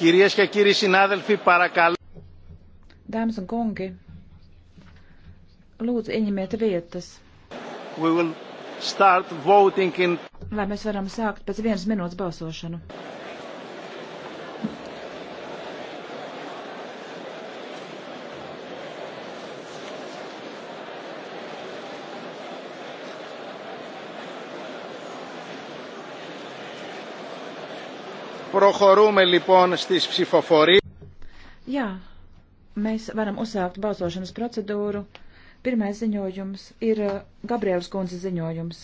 Κυρίες και κύριοι συνάδελφοι, παρακαλώ. Dāmas un kungi, lūdzu, ieņemiet vietas. We will start voting in... Vai mēs varam sākt pēc vienas minūtes balsošanu? Prohorūme lipon stis psifoforī. Jā, mēs varam uzsākt balsošanas procedūru. Pirmais ziņojums ir uh, Gabrielas kundzes ziņojums.